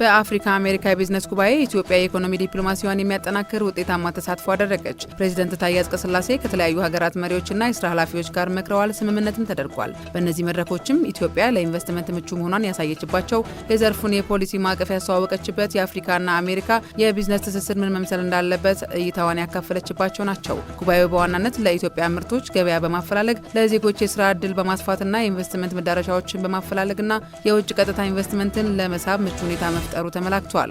በአፍሪካ አሜሪካ የቢዝነስ ጉባኤ ኢትዮጵያ የኢኮኖሚ ዲፕሎማሲዋን የሚያጠናክር ውጤታማ ተሳትፎ አደረገች። ፕሬዚደንት ታዬ አጽቀሥላሴ ከተለያዩ ሀገራት መሪዎችና የስራ ኃላፊዎች ጋር መክረዋል። ስምምነትም ተደርጓል። በእነዚህ መድረኮችም ኢትዮጵያ ለኢንቨስትመንት ምቹ መሆኗን ያሳየችባቸው፣ የዘርፉን የፖሊሲ ማዕቀፍ ያስተዋወቀችበት፣ የአፍሪካና አሜሪካ የቢዝነስ ትስስር ምን መምሰል እንዳለበት እይታዋን ያካፈለችባቸው ናቸው። ጉባኤው በዋናነት ለኢትዮጵያ ምርቶች ገበያ በማፈላለግ ለዜጎች የስራ እድል በማስፋትና የኢንቨስትመንት መዳረሻዎችን በማፈላለግና የውጭ ቀጥታ ኢንቨስትመንትን ለመሳብ ምቹ ሁኔታ መፍ መፍጠሩ ተመላክቷል።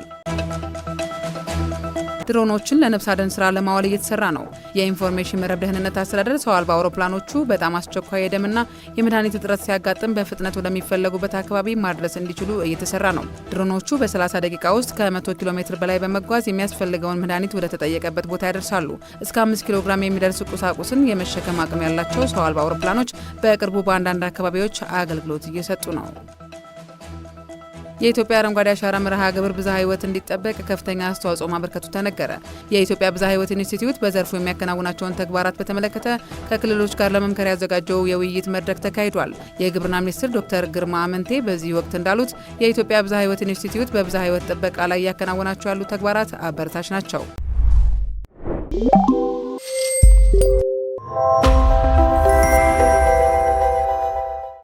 ድሮኖችን ለነፍስ አድን ስራ ለማዋል እየተሰራ ነው። የኢንፎርሜሽን መረብ ደህንነት አስተዳደር ሰው አልባ አውሮፕላኖቹ በጣም አስቸኳይ የደምና የመድኃኒት እጥረት ሲያጋጥም በፍጥነት ወደሚፈለጉበት አካባቢ ማድረስ እንዲችሉ እየተሰራ ነው። ድሮኖቹ በ30 ደቂቃ ውስጥ ከ100 ኪሎ ሜትር በላይ በመጓዝ የሚያስፈልገውን መድኃኒት ወደ ተጠየቀበት ቦታ ያደርሳሉ። እስከ 5 ኪሎ ግራም የሚደርስ ቁሳቁስን የመሸከም አቅም ያላቸው ሰው አልባ አውሮፕላኖች በቅርቡ በአንዳንድ አካባቢዎች አገልግሎት እየሰጡ ነው። የኢትዮጵያ አረንጓዴ አሻራ መርሃ ግብር ብዝሃ ህይወት እንዲጠበቅ ከፍተኛ አስተዋጽኦ ማበርከቱ ተነገረ። የኢትዮጵያ ብዝሃ ህይወት ኢንስቲትዩት በዘርፉ የሚያከናውናቸውን ተግባራት በተመለከተ ከክልሎች ጋር ለመምከር ያዘጋጀው የውይይት መድረክ ተካሂዷል። የግብርና ሚኒስትር ዶክተር ግርማ አመንቴ በዚህ ወቅት እንዳሉት የኢትዮጵያ ብዝሃ ህይወት ኢንስቲትዩት በብዝሃ ህይወት ጥበቃ ላይ እያከናወናቸው ያሉ ተግባራት አበረታች ናቸው።